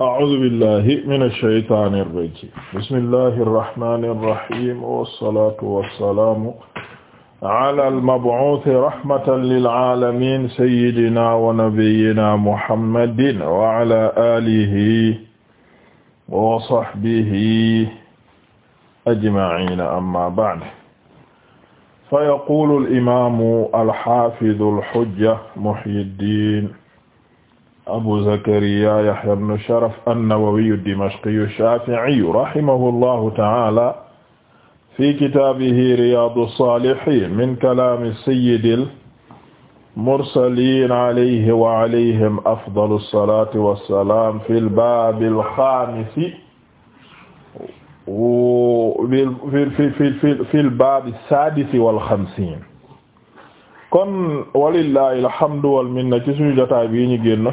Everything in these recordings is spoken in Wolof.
أعوذ بالله من الشيطان الرجيم بسم الله الرحمن الرحيم والصلاة والسلام على المبعوث رحمة للعالمين سيدنا ونبينا محمد وعلى آله وصحبه أجمعين أما بعد فيقول الإمام الحافظ الحجة محي الدين abu zakariya yahya ibn sharaf an-nawawi ad-dimashqi ash-shafi'i rahimahullahu ta'ala fi kitaabihi riyaadu saalihiin min kalaami sayyidil mursaliin alayhi wa alayhim afdalu salaati wa salaam fil baabil xaamisi fil baabi saadisi wal xamsiin kon walillaahi alhamdu wal minna ci suñu jotaay bi ñu génn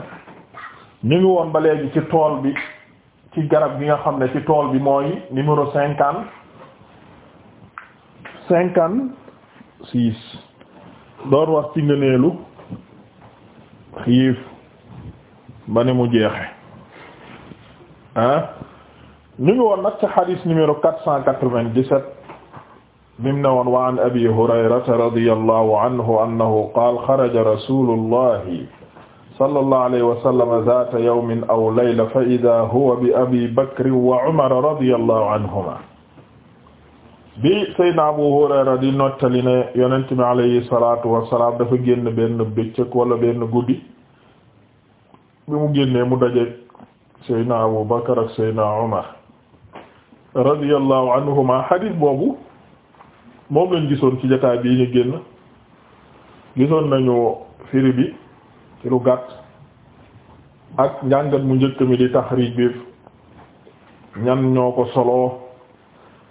ñu ngi woon ba léegi ci tool bi ci garab gi nga xam ne ci tool bi mooy numéro cinquante cinquante six door wax ci ngëneelu xiif ba ni mu jeexe ah ñu ngi woon nag ci xadis numéro quatre cent quatre-vingt-dix-sept bim ne woon wa an abi hurayrata radiyallahu anhu annahu qaala xaraja rasulullahi sallallahu alayhi wa sallam zaata yawmin aw layla fa idaa huwa bi abi wa umar radiyallahu anhuma bi Seydina Abu Hurayra di nottali ne yonent mi alayhi salaatu wa dafa génn benn bëccëg wala benn guddi bi mu génnee mu daje Seydina Abu Bakr Seydina Umar radiyallahu anhuma hadith boobu moom gisoon ci jotaay bii ñu génn gisoon nañu firi bi. ci lu ak njàngat mu njëkk mi di taxrij bi ñan ñoo ko soloo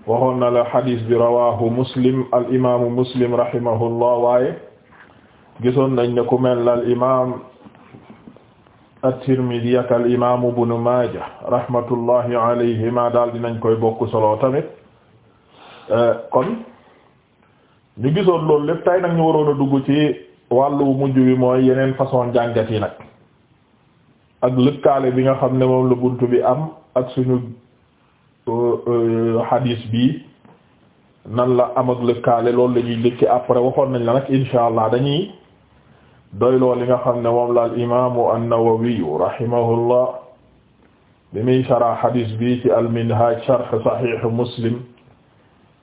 waxoon na la xadiis bi rawahu muslim al imaamu muslim rahimahullah waaye gisoon nañ ne ku mel al imaam at-Tirmidhi ak al imaamu ibnu Maaja rahmatullahi alayhima daal dinañ koy bokk solo tamit eh, kon ñu gisoon loolu lépp tay nag ñu waroon a dugg wàllu mujj bi mooy yeneen façon jàngat yi nag ak lëkkaale bi nga xam ne moom la bunt bi am ak suñu euh, euh, hadis bi nan la am ak lëkkaale loolu la ñuy njëkk après waxoon nañ la nag insha allah dañuy doy lool li nga xam ne moom la al imaamu an-Nawawi rahimahullah bi muy shara hadis bi ci al minhaj sharh sahih muslim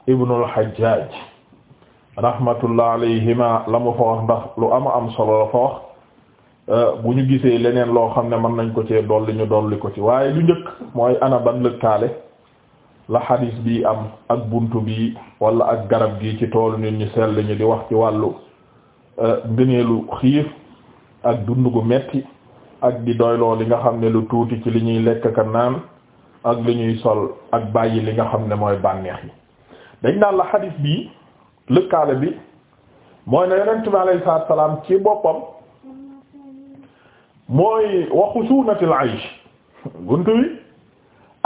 ibn al hajjaj rahmatullah alayhima la mu fa wax ndax lu ama am solo la fa wax euh, bu ñu gisee leneen loo xam ne mën nañ ko cee dolli ñu dolli ko ci waaye lu njëkk mooy ana ban lëkkaale la xadis bii am ak bunt bi wala ak garab gii ci toolu nit ñu sell ñu di wax ci wàllu euh, ngëneelu xiif ak dund gu metti ak di doyloo li nga xam ne lu tuuti ci li ñuy lekk ka naan ak li ñuy sol ak bàyyi li nga xam ne mooy bànneex yi dañ naan la xadis bi lëkkaale bi mooy ne yonent bi alayhi salaatu salaam ci boppam mooy waxu suunatil aysh buntu wi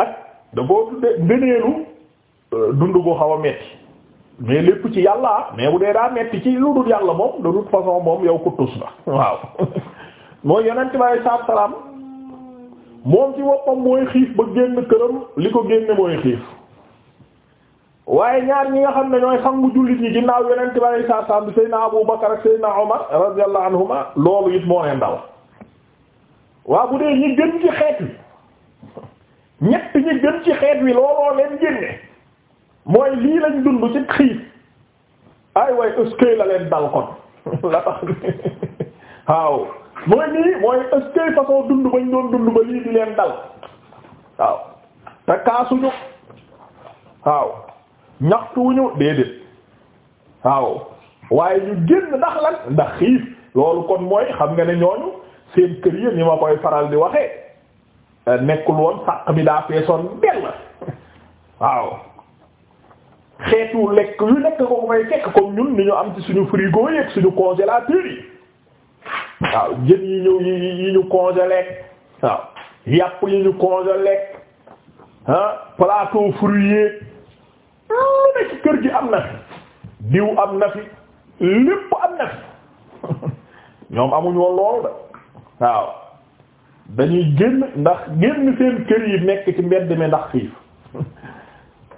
ak da koo tudde euh, dund ko xaw a metti mais lépp ci yàlla mais bu dee daa metti ci lu dul yàlla moom de toute façon moom yow ko tus na waaw mooy yonent bi alayhi salaatu salaam moom ci boppam mooy xiif ba génn këram li ko génne mooy xiif waaye ñaar ñi nga xam ne ñooy sangu jullit ñi ginnaaw yonent bi alayhi salaatu salaam bi Seydina Abu Bakar ak Seydina Omar radiyallahu anhuma loolu it moo leen dal waaw bu dee ñi gën ci xeet wi ñett ñi gën ci xeet wi looloo leen génne mooy lii lañ dund ci xiif ay way ëskey la leen dal kon la tax waaw mooy nii mooy ëskey façon dund bañ doon dund ba lii di leen dal te kaasuñu waaw ñaxtuwuñu déedéet waaw waaye ñu génn ndax lan ndax xiif loolu kon mooy xam nga ne ñooñu seen kër yi ni ma koy faral di waxee eh, nekkul woon sàq bi daa feesoon benn waaw xeetu lekk yu nekk ko may fekk comme ñun ni ñu am ci suñu frigo yi ak suñu congélateur yi waaw jën yi ñu yi ñu congelé waaw yàpp yi ñu congelé ah plateau fruits lu ne kër gi am na fi diw am na fi lépp am na fi ñoom amuñoo woon loolu de waaw dañuy génn ndax génn seen kër yi nekk ci mbedd mi ndax xiif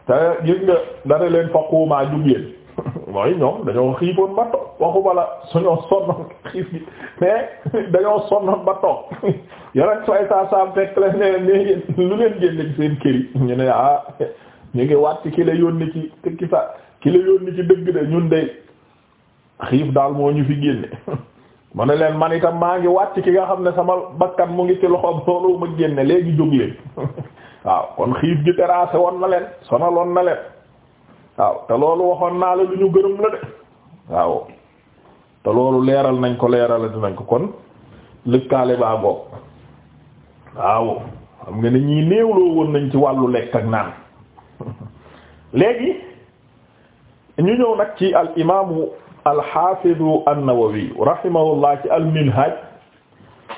te gis nga dara leen faquumaa jug leen mooy ñoom dañoo xiifoon ba toog waxu bala suñoo sonnoon xiif bi mais dañoo sonnoon ba toog yore sooy saa saam fekk leen ne lu leen génn ci seen kër yi ñu ne ah ñu ngi waat ci la yónni ci ki sa ki la yónni dëgg de ñun de xiif daal moo ñu fi génne ma ne leen man itam maa ngi waat ki nga xam ne sama bakkan mu ngi ci loxoom loolu ma génne léegi jóg leen waaw kon xiif gi terrassé woon na leen sonaloon na leen waaw te loolu waxoon naa la lu ñu gërëm la de waaw te loolu leeral nañ ko leeral dinañ ko kon lëkkaale baa goog waaw xam nga ne ñii néewloo woon nañ ci wàllu lekk ak naan léegi ñu ñëw nag ci al imaamu al xaafidu an-Nawawi rahimahullah ci al minhaj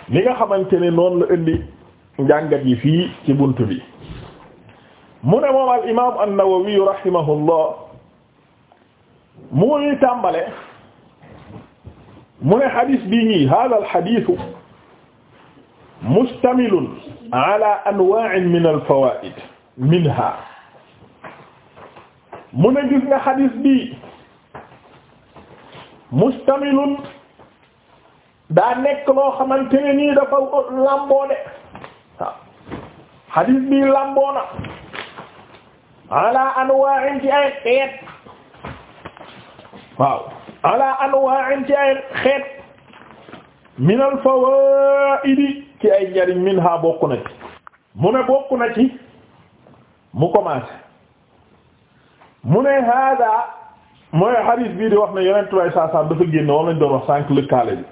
li nga xamante ne noonu la indi njàngat yi fii ci bunt bi mu ne moom al imaam an-Nawawi rahimahullah mu ñuy tàmbale mu ne xadis bii ñii al xadisu mustamilun ala anwa'in min al fawaid minha mu ne gis nga xadis bi mustamilun daa nekk loo xamante ne nii dafa lamboo de waaw xadis bi lamboo na ala anwa'in ci ay xeet waaw ala anwa'in ci ay xeet min al fawaidi ci ay njariñ minha bokk na ci mu ne bokk na ci mu commencé mu ne hada mooy hadis bii di wax ne yonent way saasam dafa génn wala lañ doon wax sànq lëkkaale bi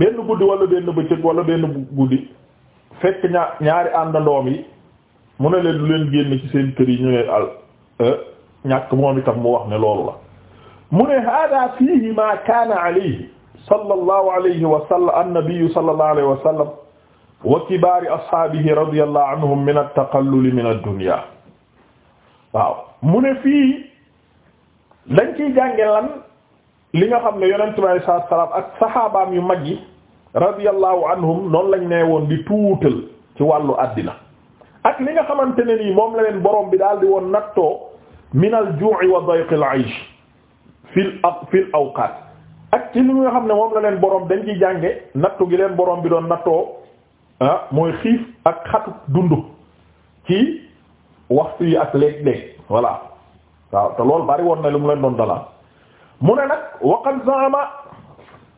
benn guddi wala benn bëccëg wala benn guddi fekk ñaar ñaari àndandoom yi mu ne leen du leen génn ci seen kër yi ñu ne al euh, ñàkk moom itam mu wax ne loolu la mu ne hada fiihi ma kaana alayhi sallallahu alayhi wa sallam annabiyu sallallahu alayhi wa sallam wa kibaari ashaabihi radiyallahu anhum min at-taqallul min ad-dunya waaw mu ne fii dañ ciy jànge lan li nga xam ne yonent bi alayhi ak saxaabaam yu mag yi radiyallahu anhum noonu lañ nee woon di tuutal ci wàllu àddina ak li nga xamante ne nii moom la leen boroom bi daal di woon nattoo min al ju'i wa dayq al aysh fil fil awqaat ak ci li nga xam ne moom la leen borom dañ ciy jànge nattu gi leen boroom bi doon nattoo ah, mooy xiif ak xatu dund ci waxtu yi ak léeg-léeg voilà waaw te loolu bari woon na lu mu leen doon dalal mu ne nag waqad zaama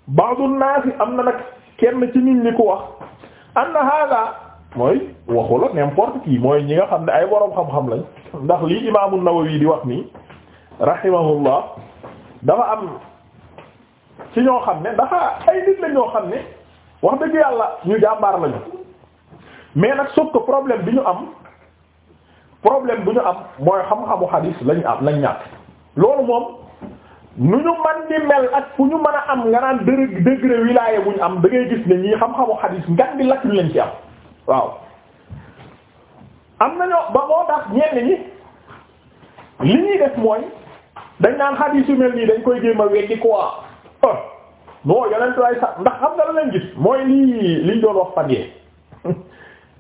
ba'du naasi am na nag kenn ci nit ñi ko wax anna hada mooy waxu la n'importe qui mooy ñi nga xam ne ay boroom xam-xam lañ ndax lii imaamu Nawawi di wax nii rahimahullah dafa am ci ñoo xam ne ndax ay nit la ñoo xam ne wax dëgg yàlla ñu jàmbaar lañu mais nag sauf problème bi ñu am problème bu ñu am mooy xam-xamu xadiis lañu am lañ ñàkk loolu moom nu ñu man di mel ak fu ñu man a am nga naan dë degré wilaya bu am da ngay gis ne ñii xam-xamu xadiis ngan di lakk ñu lañ ci am waaw am nañoo ba moo tax ñenn ñi li ñuy def mooy dañ naan xadiis yu mel nii dañ koy jéem a di ko oh, non yeneen tuwaay sax ndax xam nga la gis mooy lii liñ doon wax fan yee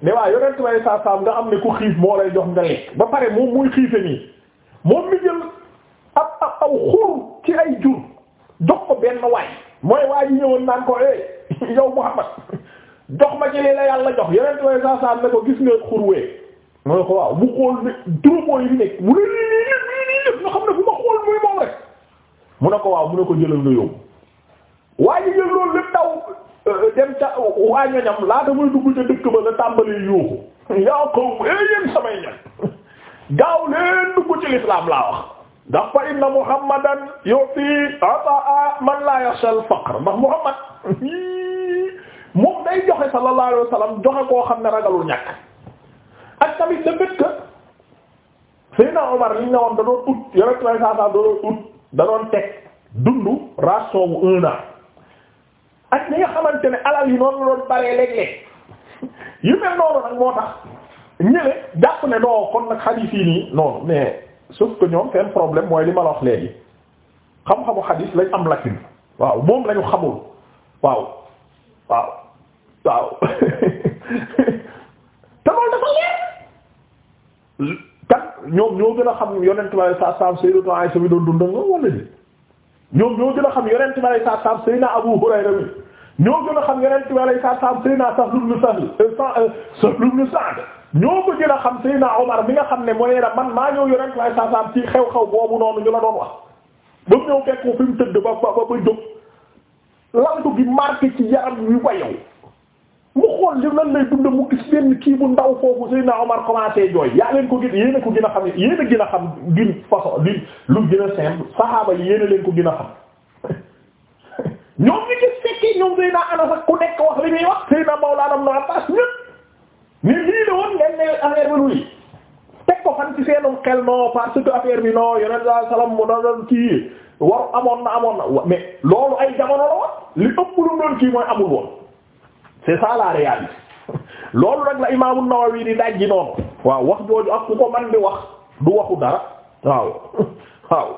ne waa yonent may saa saam nga am ne ku xiif moo lay jox nga lekk ba pare moom muy xiife nii moom mi jël ab ab aw xur ci ay jur jox ko benn waay mooy waa ji ñëwoon naan ko eh yow Muhammad jox ma ci lii la yàlla jox yonent may saa saam ne ko gis nga xur wee mooy ko waaw mu xool ne troupeau yi nekk mu ne lii lii lépp lii lii lépp nga xam ne bu ma xool muy moom rek mu ne ko waaw mu ne ko jëlal nga yóbbu waa ji jël loolu lépp taw Euh, dem ca waa ñoñam laata muy dugg ca dëkk ba la tàmbali yuuxu yaa qawm ee eh, yéen samay ñan gaaw leen dugg ci laa wax ndax inna muhammadan yu'ti ataa man la yaxshal faqr ndax muhammad moom day joxe sallallahu alayhi wa joxe koo xam ne ragalul ñàkk ak tamit le fait que Seydina Omar li ñu ne woon da doon ut yore 300 da doon ut da doon ak ñi nga xamante ne alal yi noonu la doon baree léeg yu mel noonu nag moo tax ñële jàpp ne non kon nag xadiis yi nii noonu mais sauf que ñoom seen problème mooy li ma la wax léegi xam-xamu xadiis lañ am lacune waaw moom lañu xamul waaw waaw te loolu dafa leer kat ñoom ñoo gën a xam yonentu Yàlla saa saam Sayyidatu Aysa bi doon dundal xam yonentu ñoo gën a xam yeneen ci wàllu saam Seydina Sahl ibn Sahl euh, euh, Sahl ibn Sa'd ñoo ko gën a xam Seydina Omar mi nga xam ne mooy la man maa ñëw yeneen ci wàllu saam ci xew-xew boobu noonu ñu la doon wax. ba mu ñëw fekk ko fi mu tëdd ba ba ba jóg lantu gi marqué ci yaram yu wayaw mu xool li lan lay dund mu gis benn kii bu ndaw foofu Seydina Omar commencé jooy yaa leen ko gën yéen a ko gën a xam yéen a gën a xam d'une façon d'une lu gën a simple saxaaba yi yéen a leen ko gën a xam. ñoom ñu ci fekki ñoom Seydina Anas ak ku nekk wax li muy wax Seydina Mawlana Ibn Abbas ñëpp ni lii la ngeen ne affaire bi luy teg ko fan ci seenum xel non parce que affaire bi non yeneen saa salaam mu doon doon kii war amoon na amoon na mais loolu ay jamono la li ëpp lu doon kii mooy amul woon c'est ça la réalité loolu rek la Imaamu Nawawi di daj ji noonu waaw wax jooju ak ku ko man di wax du waxu dara waaw waaw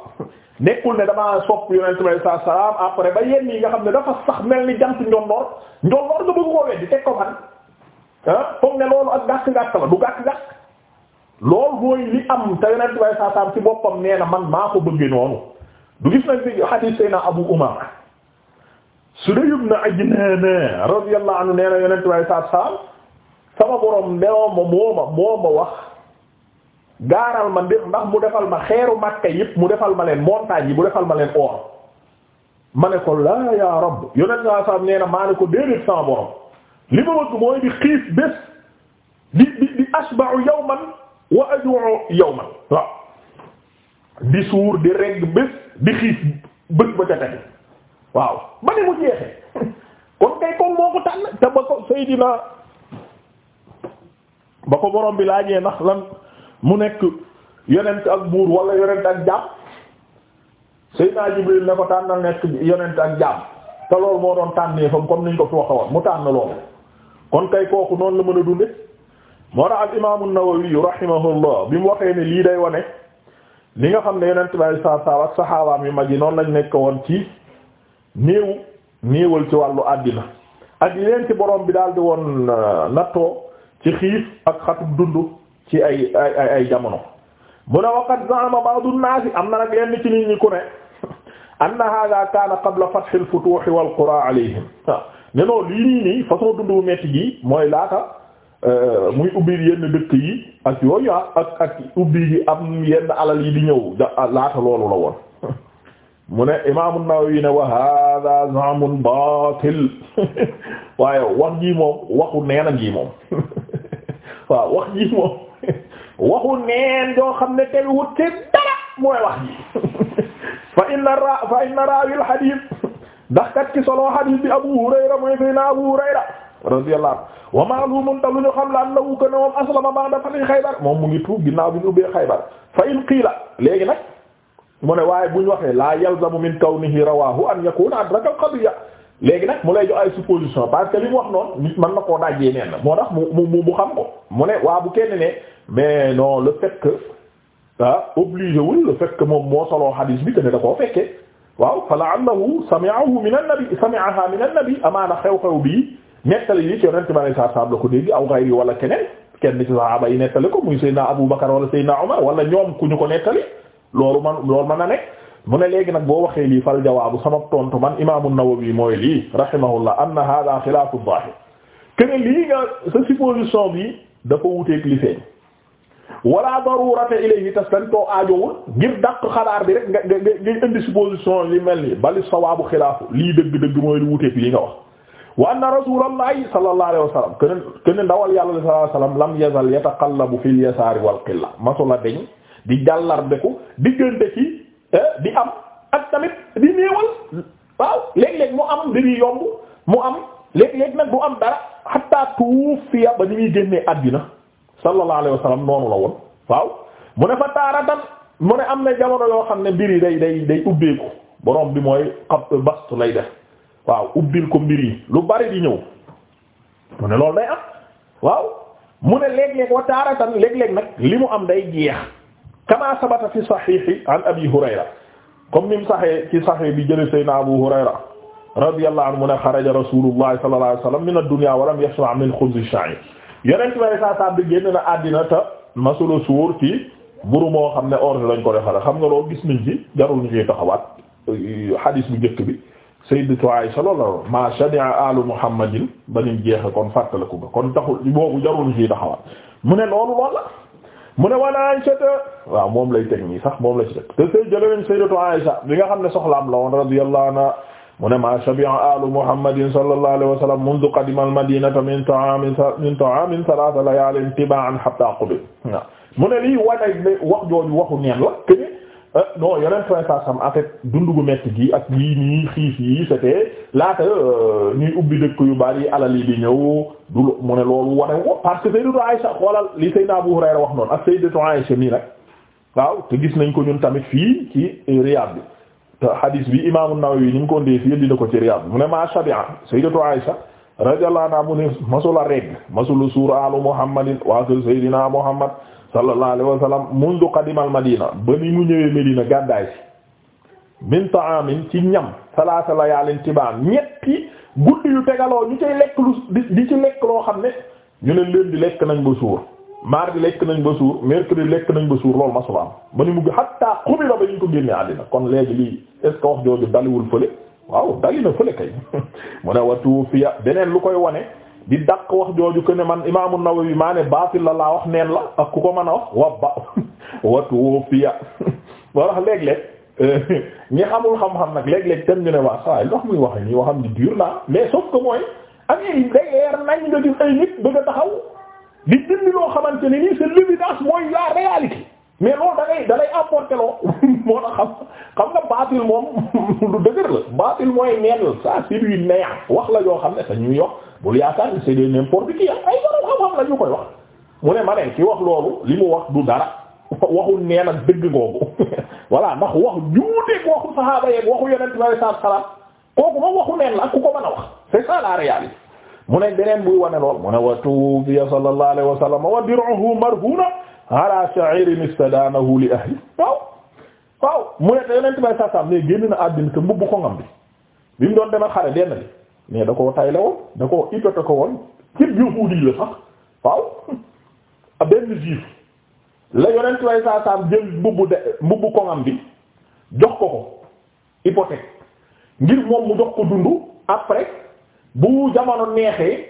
nekkul ne damaa sopp yonent bi salaam après ba yenn yi nga xam ne dafa sax mel ni jant njolloor njolloor nga bëgg koo weddi teg ko fan foog ne loolu ak gàkk-gàkk la du gàkk-gàkk loolu mooy li am te yonent bi saa salaam ci boppam nee na man maa ko bëggee noonu du gis nañ fi hadith sayna Abu Umama Sudayy ibn Ajlan radiyallahu anhu nee na yonent bi saa salaam sama borom nee ma moo ma wax. gaaral ma ndef ndax mu defal ma xeeru Makka yépp mu defal ma leen montagne yi mu defal ma leen or ma ne ko laa yaa rabb yonent saa saam nee na maa ne ko déedéet sama borom li ma bëgg mooy di xiif bés di di di yawman wa aju'u yawman waaw di suur di regg bés di xiif bët ba ca tege waaw ba ne mu jeexee kon kay kon moo ko tànn te ba ko Seydina ba ko borom bi laajee ndax lan mu nekk yonent ak buur wala yonent ak jaam Seydina Jibril na ko tànnal nekk yonent ak jaam te loolu moo doon tànnee fam comme niñ ko fi waxoon mu tànn loolu kon kay kooku noonu la mën a dunde moo tax al imaamu Nawawi rahimahullah bi mu waxee ne lii day wane li nga xam ne yonent bi saa saa ak saxaabaam yu mag yi noonu lañ nekk woon ci néew néewal ci wàllu àddina ak yeneen ci borom bi daal di woon euh, nattoo ci xiif ak xatub dund ci ay ay ay jamono mu ne waqat zama ba'du naasi am na nag yenn ci nit ñi ku ne anna hada kaana qabla fathil futuuhi wal qura alayhim ne noonu lii nii nii façon dundu metti gi mooy laata euh, muy ubbi yenn dëkk yi ak yooyu ak ak ubbi yi am yenn alal yi di ñëw laata loolu la woon mu ne imaamu Nawawi ne wa hada zamun baatil waaye wax jii moom waxu neena jii moom waaw wax ji moom waxu neen joo xam ne tegu wut ci dara mooy wax ji fa inna ra fa inna raawil hadith ki solo hadith bi Abu Hurayra mooy sayna Abu Hurayra radiyallahu anhu wa ma'lumun ta lu ñu xam la annahu kana moom aslama ba'da fatih Xaybar moom mu ngi tuub ginnaaw bi ñu ubbee Xaybar fa in qiila léegi nag mu ne waaye bu ñu waxee la yalzamu min kawnihi rawahu an yakuna adraka al léegi nag mu lay jox ay supposition parce que li mu wax noon nit man na koo dajee neen moo tax mu mu mu xam ko mu ne waa bu kenn ne mais non le fait que ah obligé wul le moom moo soloo hadis bi que da koo fekkee waaw fa la annahu sami'ahu min a nabi sami'aha min an-nabi amaana xew-xew bii nettali yi ci yonent bi saa saab la ko dégg aw yi wala keneen kenn ci sahaaba yi nettali ko muy Seydina Abu Bakar wala Seydina Umar wala ñoom ku ñu ko nettali loolu man loolu mën na mu ne léegi nag boo waxee lii fal jawaabu sama tontu man imaamu Nawawi mooy lii rahimahullah anna hada xilaafu zaahir kene lii nga sa supposition bi dafa wuteeg li feeñ wala darurata ilayhi tas dañ too aajowul ngir dàq xabaar bi rek nga nga indi supposition li mel ni bali sawaabu xilaafu lii dëgg-dëgg mooy lu wuteeg lii nga wax wa anna rasulallahi sallallahu alayhi wa sallam ndawal yàlla sallallahu alayhi wa sallam lam yazal yataqallabu fil yasaari wal qilla di jàllarbeku diggante Eh, di am ak tamit di néewal waaw léeg-léeg mu am dañuy yomb mu am léeg-léeg nag du am dara xatta tuufiya ba ni muy génnee àddina sallallahu alayhi wa sallam noonu la woon waaw mu ne fa taaratan mu ne am na jamono yoo xam ne mbir yi day day day ubbeeku borom bi mooy xab bastu lay def waaw ubbil ko mbir lu bari di ñëw mu ne loolu day am waaw mu ne léeg-léeg wa taaratan léeg-léeg nag li mu am day jeex kama sabata fi sahihi an abi hurayra comme ni mu saxee ci saxee bi jële sayna abu hurayra radiyallahu anhu mu ne xaraja rasulullah sallallahu alayhi wasallam min ad-dunya wa lam yasma' min xubz ash-sha'ir yonent way saa sa bi génn na àddina te masula suur ci buru moo xam ne orge lañ ko defale xam nga loolu gis nañ ci jarul ñu koy taxawaat hadis bu njëkk bi sayyidatu Aisha loolu ma shadi'a alu muhammadin ba ñu jeexe kon fàttaliku ko kon taxul boobu jarul ñu koy taxawaat mu ne loolu loolu la mu ne wan Aïcha waaw moom lay teg nii sax moom la ci teg te say jëlenen sayyidatu Aïcha li nga xam ne soxlaam la woon radiyallahu anha mu ne ma shabi'a alu Muhammadin sallallahu alayhi wa sallam mundu qadima al-madinata min ta'amin min ta'amin thalatha layalin tiba'an hatta qubida mu ne lii wane ne wax jooju waxu neen la Euh, non yeneen traçage sam en fait dundu gu métti gi ak yii nii xiif yi c'était laata euh, ñuy ubbi dëkk yu bari alal yi di ñëw du mu ne loolu wane ko parce que Sayyidatu Aïcha xoolal li Sayyidna Abu Hurayra wax noonu ak Sayyidatu Aïcha nii nag waaw te gis nañ ko ñun tamit fii ci Riyad bi te hadis bi Imam An-Nawawi ni mu ko ndee fii ko ci Riyad bi mu ne ma shabi'a Sayyidatu Aïcha radiyallahu anha mu ne masula regg masula suuralu Muhammadin waa kër sallallahu alayhi wa sallam mundu qadimal madina ba ni mu ñëwee Medina gàddaay si min ta'amin ci tibaan ñetti guddi yu tegaloo ñu cay lekk lu di ci lekk loo xam ne ñu ne lundi lekk nañ ba suur mardi lekk nañ ba suur mercredi lekk nañ ba suur loolu ma suba am ba ni mu gi hatta xubira ba ñu ko génnee àddina kon léegi lii est ce wax jooju daliwul fële waaw dali na fële kay mu ne watu fiya beneen lu koy wone di dàq wax jooju ko ne man imaamu Nawawi maa ne baatil la laa wax neen la ak ku ko man a wax wa ba watu fiya boo tax léeg-léeg euh, ñi xamul xam-xam nag léeg-léeg tam ñu ne waa saa yi ndox muy waxe nii waxam ni naa mais soo ko mooy ak yi day leer nañ nga taxaw di loo xamante ne nii c'est l'évidence mooy la réalité xam xam nga baatil moom lu dëgër la baatil mooy neen la ça c'est du wax la yoo xam ne sa ñuy yokk bul yaakaar c'est de n'importe qui ay borom xam-xam la ñu koy wax mu ne ma ne ki wax loolu li mu wax du dara waxul nee na dëgg ngoogu voilà ndax wax juuteeg waxu saxaaba yeeg waxu yonent bi sallallahu alayhi kooku moom waxu neen la ak ku ko mën a wax c'est ça la mu ne beneen buy wane lool mu ne wa tuwuffiya sallallahu alayhi wasallam wa dir'uhu marhuna ala sha'irin istadanahu li ahli waaw waaw mu ne te yonent bi sallallahu alayhi ne génn na àddina te doon dema xare mais da koo tayle woon da koo ipété ko woon cib yahuudi la sax waaw benn juif la yonent way saa saam jël mbubbu de mbubbu koŋam bi jox ko ko hypothèque ngir moom mu jox ko dund après bu jamono neexee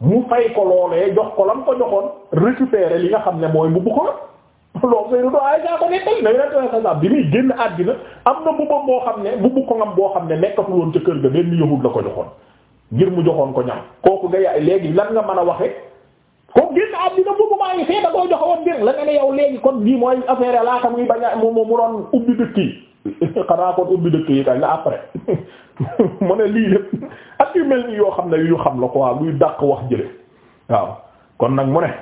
mu fay ko loolee jox ko lam ko joxoon récupérer li nga xam ne mooy mbubbu koŋam loolu say dudoo ay saa ko nekkal na yonent way saa saam bi muy génn àddina am na mbubbam boo xam ne mbubbu koŋam boo xam ne nekkatul woon ca kër ga benn yahud la ko ngir mu joxoon ko ñam kooku nga yaay léegi lan nga mën a waxe ko génn àddina boobu maa ngi fee da koo joxewoon ngir la nga ne yow léegi kon bii mooy affaire laata muy bañ a mu mu doon ubbi dëkk yi xanaa kon ubbi dëkk yi kañ la après mu ne lii lépp ak yu mel ni yoo xam ne yu xam la quoi luy daq wax jële waaw kon nag mu ne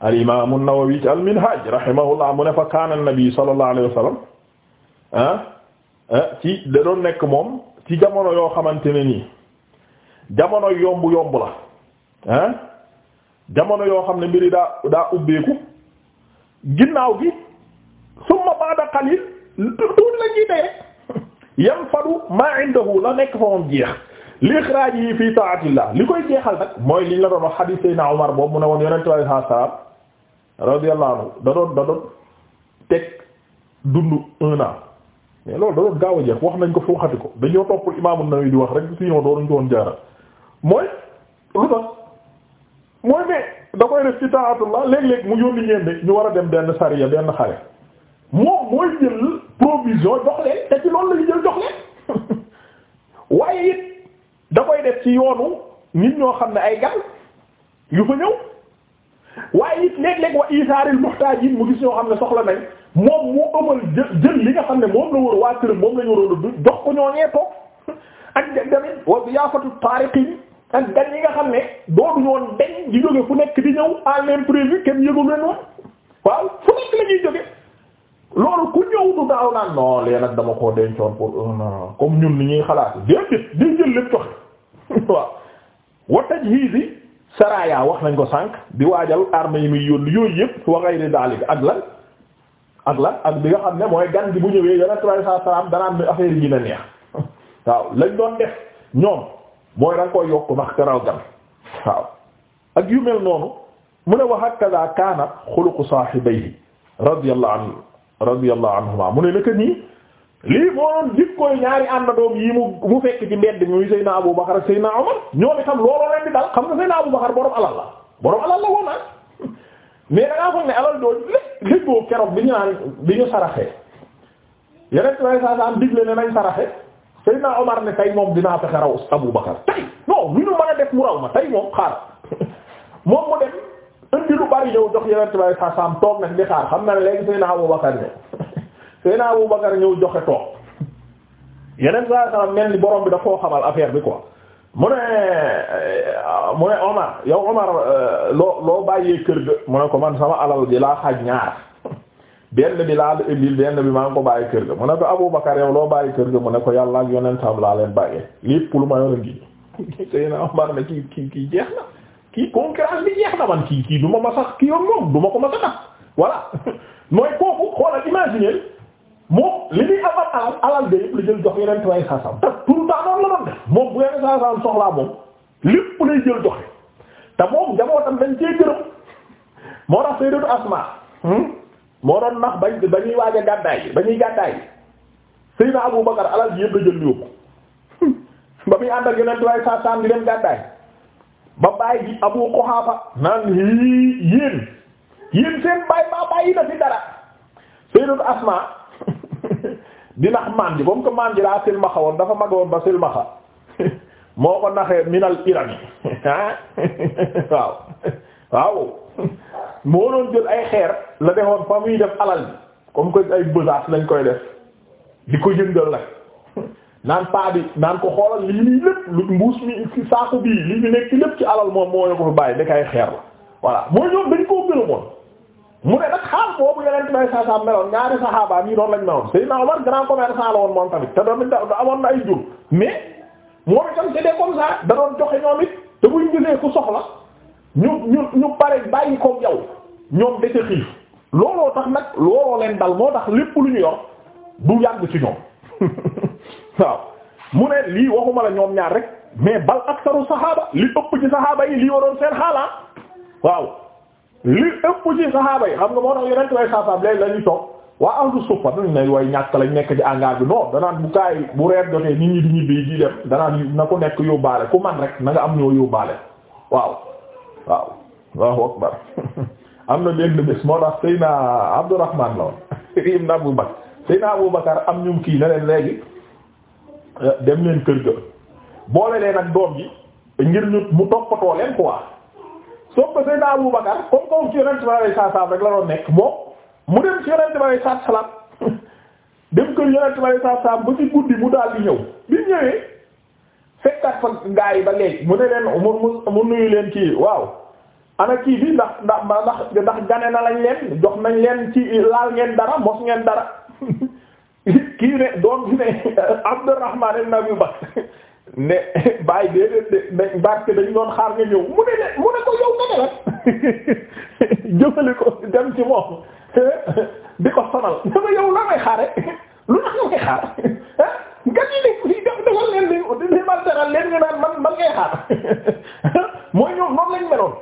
al imam an-Nawawi ci al mu ne fa kaana an-nabi sallallahu alayhi wa sallam ah, ah ci da doon nekk moom ci jamono yoo xamante ne nii jamono yomb yomb la ah jamono yoo xam ne mbiri daa daa ubbeeku ginnaaw gi summa ba'da qalil tuuti la ñuy dee yan fadu maa la nekk fa moom jeex li ixraaj yi fii taatillah li koy jeexal nag mooy liñ la doon wax xadiis woon yonent sallallahu alayhi wasallam radiyallahu anhu da doon da doon teg dund un loolu da doon gaaw a jeex wax nañ ko fi waxati ko dañoo topp Imaam an di wax rek sinon doonuñ ko woon jaaral mooy lu tax mooy ne da koy def ci taatullah léeg-léeg mu yónni ñeen de ñu war a dem benn sariya benn xare moom mooy jël provision jox leen te ci loolu la ñu jël jox waaye it da koy def ci yoonu nit ñoo xam ne ay gal ñëw waaye it léeg-léeg wa isaaril muhtaajin mu gis ñoo xam ne soxla nañ moom moo ëmal jël li nga xam ne moom la war waa këram moom la ñu waroon a jox ko ñoo ñee ak ja damit wa bi yaafatu taariqin ak gan yi nga xam ne doodu ñoon dañ di jóge fu nekk di ñëw à l'imprévu kenn yëgul leen woon waaw fu nekk la jóge loolu ku ñëw du daaw naan non leen nag dama ko dencoon pour comme ñun ni ñuy xalaat déedéet day jël lépp joxe waaw wa tajhiizi saraya wax nañ ko sànq bi waajal armée yi muy yónni yooyu yëpp wa ghayri daalika ak lan ak lan ak bi nga xam ne mooy gan gi bu ñëwee yonent bi sallallahu alayhi wasallam danaan affaire yi dina neex waaw lañ doon def ñoom. mooy da nga koy yokk ndax teral gan waaw ak yu mel noonu mu ne wa hakaza kaana xuluqu saahibayhi radiyallahu anhu radiyallahu anhuma mu ne naka nii lii moo doon jikkooy ñaari àndandoom yi mu mu fekk ci mbedd mi muy Seydina Abu Bakar ak Seydina Umar ñoom itam looloo leen dal xam nga Seydina Abu Bakar borom alal la borom alal la woon ah mais da ngaa foog ne alal doo lépp lépp keroog bi ñu naan bi ñu saraxee yeneen saa saa am ne nañ saraxe. Seydina Omar ne tey moom dinaa fexe raw Abu Bakar tey non lu ñu mën def mu raw ma tey moom xaar moom mu dem indi lu bari ñëw jox yeneen tubaab na ne léegi Seydina Abu saa mel ni borom bi da xamal affaire bi ko mu ne mu Omar yow Omar euh, loo loo bàyyee kër ga mu ne ko man sama alal bi laa xaaj ñaar. benn bi laa la benn bi maa ngi ko bàyyi kër ga mu ne ko Abubakar yow loo bàyyi kër ga mu ne ko yàlla ak yonentam laa leen bàyyee lépp lu ma yoroon gi tey naa mbar na kii kii kii jeex na kii concurrence bi jeex na man kii kii du ma sax kii yoon moom du ko ma sax voilà mooy kooku xoolal imaginer moom li muy amal alal alal de yëpp la jël jox yeneen tuwaay saa sam te tout le la doon def moom bu yeneen saa sam soxlaa moom lépp lay jël moo doon nax bañ bañuy waaj a gàddaay bi bañuy gàddaay bi Seydina Abu Bakar alal ji yëpp la jël yóbbu ba muy ànd ak yeneen tuwaay saa saam di dem gàddaay ba bàyyi ji Abu Quhafa naan nax maam ji comme que maam ji laa silmaxa woon dafa mag woon ba silmaxa moo ko naxee minal Iran ah waaw waaw moo doon jël ay xeer. la defoon fa def alal bi comme que ay besace lañ koy def di ko jëndal nag naan paa bi naan ko xoolal lii lii lépp lu mbuus mi ci saaku bii li ñu nekk lépp ci alal moom moo ñu ko fi bàyyi da kay xeer la voilà mooy ñoom dañ koo gërëmoon mu ne nag xaal boobu yeneen may saa meloon ñaari saxaaba yi noonu lañ meloon Seydina Omar grand commerçant la moom tamit te doon da amoon na ay jur mais moom itam c'était comme da doon joxe ñoom te buñ gisee ku soxla ñu ko da looloo tax nag looloo leen dal moo tax lépp lu ñu yor du yàgg ci ñoom waaw mu ne lii waxuma la ñoom ñaar rek mais bal aktaru saxaaba li ëpp ci saxaaba yi lii waroon seen xaala waaw li ëpp ci saxaaba yi xam nga moo tax yeneen way saxaab léegi la ñuy toog waa ahlu suffa dañ ne way ñàkk lañ nekk ci engrais bi non danaan bu kaay bu reer jotee nit ñi di ñibbi di dem danaan na ko nekk yóbbaale ku man rek na am ñoo yóbbaale waaw waaw waaw akbar am na benn bés moo tax Seyna Abdourahman la woon ibn Abu Bakr Seyna am ñum kii ne leen léegi eh, dem leen kër ga boole leen ak doom ji ngir ñu mu toppatoo leen quoi soo ko Seyna Abu Bakr comme comme ci yonent bi saa rek la doon nekk moom mu dem ci yonent bi saa salaat dem kër yonent bi saa saa ba ci guddi mu daal di ñëw bi ñëwee fekkat fa gaa yi ba léegi mu ne leen mu mu nuyu leen kii waaw. ana kii bi ndax ndax ndax ndax gane na lañ leen jox nañ leen ci laal ngeen dara mos ngeen dara kii ne doom bi ne Abdurrahman ibn Abi Bakr ne bàyyi déedéet de barke dañ doon xaar nga ñëw mu ne mu ne ko yow nga ne la jëmale ko dem ci moom di ko sonal ne ko yow la may xaar ah gan ne fii def xaar mooy ñoom noonu lañ meloon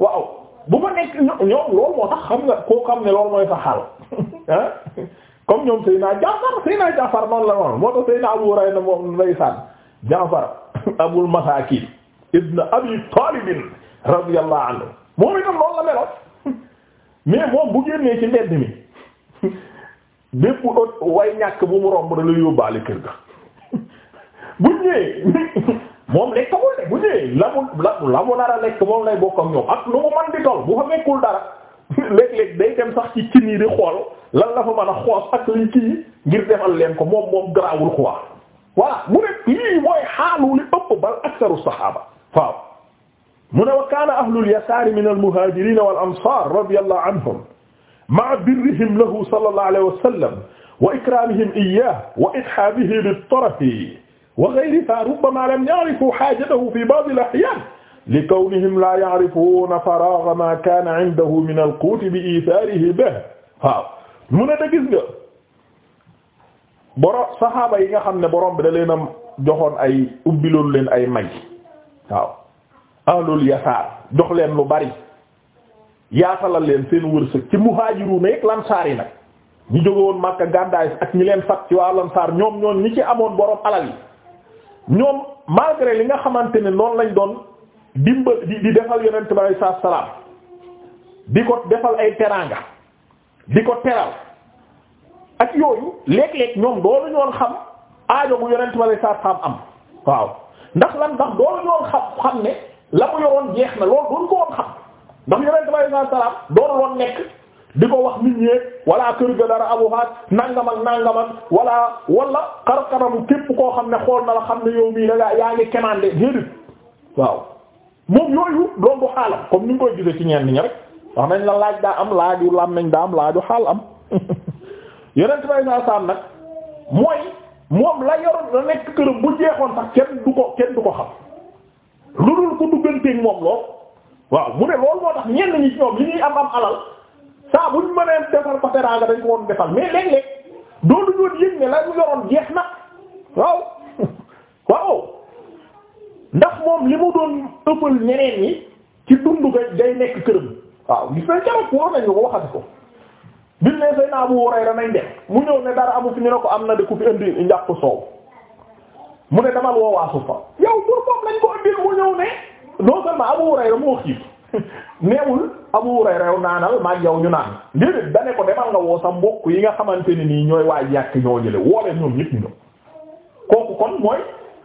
waaw bu ma nekk ñoom loolu moo tax xam nga koo xam ne lool mooy sa xaal ah comme ñoom Seyna Jaafar Seyna Jaafar noonu la noonu moo tax Seyna Abu Hurayra moom ndeysaan Jaafar Abul Masaakin ibn Abi Talib radiyallahu anhu la meloon mais moom bu génnee ci mbedd mi bépp way ñàkk bu mu romb da lay yóbbaale kër ga bu ñëwee moom lekk léegi la mu la lekk moom lay bokk ak ñoom ak lu mu mën di toll bu fa nekkul dara léeg-léeg day dem sax ci cin yi di xool lan la fa mën a xoos ak liñ kii ngir defal leen ko moom moom garaawul quoi voilà mu ne lii mooy xaalu li ëpp bal aksaru saxaaba waaw mu ne wa kaana ahlul yasaari min al-muhaajiriin wal ansaar radiyallahu anhum ma'a birrihim lahu sallallahu alayhi wa sallam wa ikraamihim iyyaah wa itxaabihi bit-tarafi wa ghayrihaa rubbamaa lam ya'rifuu haajatahu fii ba'dil ahyaan li kawnihim laa ya'rifuuna faraaga maa kaana 'indahu min al-quuti bi iisaarihi bihi waaw mu ne te gis nga borom saxaaba yi nga xam ne borom bi da leen a joxoon ay ubbiloon leen ay may waaw ahlul yasaar jox leen lu bari yaatalal leen seen wërsëg ci muhaajiruuna ak lansaar yi nag ñu jóge woon Makka gàddaay ak ñi leen fat ci waa lansaar ñoom ñoon ñi ci amoon borom alal yi. ñoom malgré li nga xamante ne noonu lañ doon dimbal di di defal yonent bi alayhi salaatu salaam di ko defal ay teraanga di ko teral ak yooyu léeg-léeg ñoom doolu ñoon xam aajo bu yonent bi alayhi salaatu salaam am waaw ndax lan ndax doolu ñoon xam xam ne la mu yoroon jeex na loolu doon ko woon xam ndax yonent bi alayhi salaatu salaam doon woon nekk di ko wax nit ñee wala kër ga dara abu haat nangam ak nangam ak wala wala xar-xaramu képp koo xam ne xool na la xam ne yow mii da ngaa yaa ngi kemande déedéet waaw moom yooyu doon du xaalam comme ni nga koy gisee ci ñenn ñi rek wax nañ la laaj daa am laaju nañ daa am laaju xaal am yeneen bay naa saam nag mooy moom la yoroon la nekk këram bu jeexoon sax kenn du ko kenn du ko xam lu dul ko dugganteeg moom lool waaw mu ne loolu moo tax ñenn li ñuy am am alal. saa buñ mëneen defal ko teraanga dañ ko woon defal mais léeg-léeg doolu ñoon yëg ne la ñu yoroon jeex na waaw waaw ndax moom li mu doon ëppal ñeneen ñi ci dund ga day nekk këram waaw gis nañ keroog war nañu ko waxati ko biñ ne say naa Abu Hurayra nañ dem mu ñëw ne dara amu ñu ne ko am na de ku fi indi njàpp soow mu ne damal woowaasufa yow pour moom lañ ko indil mu ñëw ne non seulement Abu Hurayra moo xiif neewul Abu Hurayra rew naanal maag yow ñu naan déedéet dane ko demal nga woo sa yi nga xamante ne nii ñooy waa yàq ñoo jële woole ñoom ñu ñëw kooku kon mooy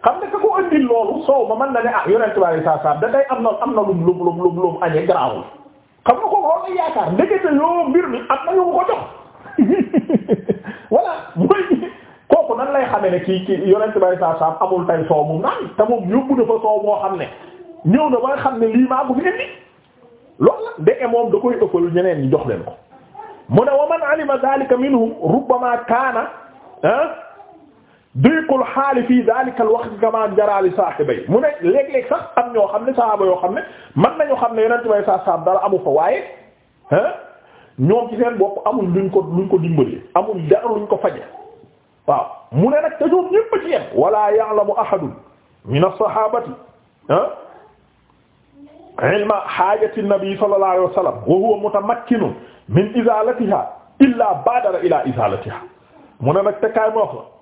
xam ne ka ko ëndil loolu soow ba mën na ne ah yonent bari saa da day am na am na lum lum lum lum añee garaawul xam nga mbir mi am na yu ko kooku nan lay xamee ne kii kii yonent bari saa amul tay soow mu naan te moom yóbbu dafa soow boo xam ne ñëw na ba xam ne lii maa ko fi indi loolu la ndeke moom da koy ëppal ñeneen ñi jox leen ko mu ne wa man alima dhalika minhum rubbama kaana diqul xaali fii dhalika al waqt kama jara mu ne léeg-léeg sax am ñoo xam ne sahaaba yoo xam ne man nañu xam ne yonent bay sa saab dara amu fa waaye ñoom ci seen bopp amul luñ ko luñ ko dimbali amul dara luñ ko faje waaw mu ne nag te ñoom ñëpp ci yem wala ya'lamu ahadun min as ilma xaajati nabi sallallahu alayhi wa sallam wa huwa mutamakkinu min izalatiha illa baadara ila izalatiha mu ne nag te kaay ma wax la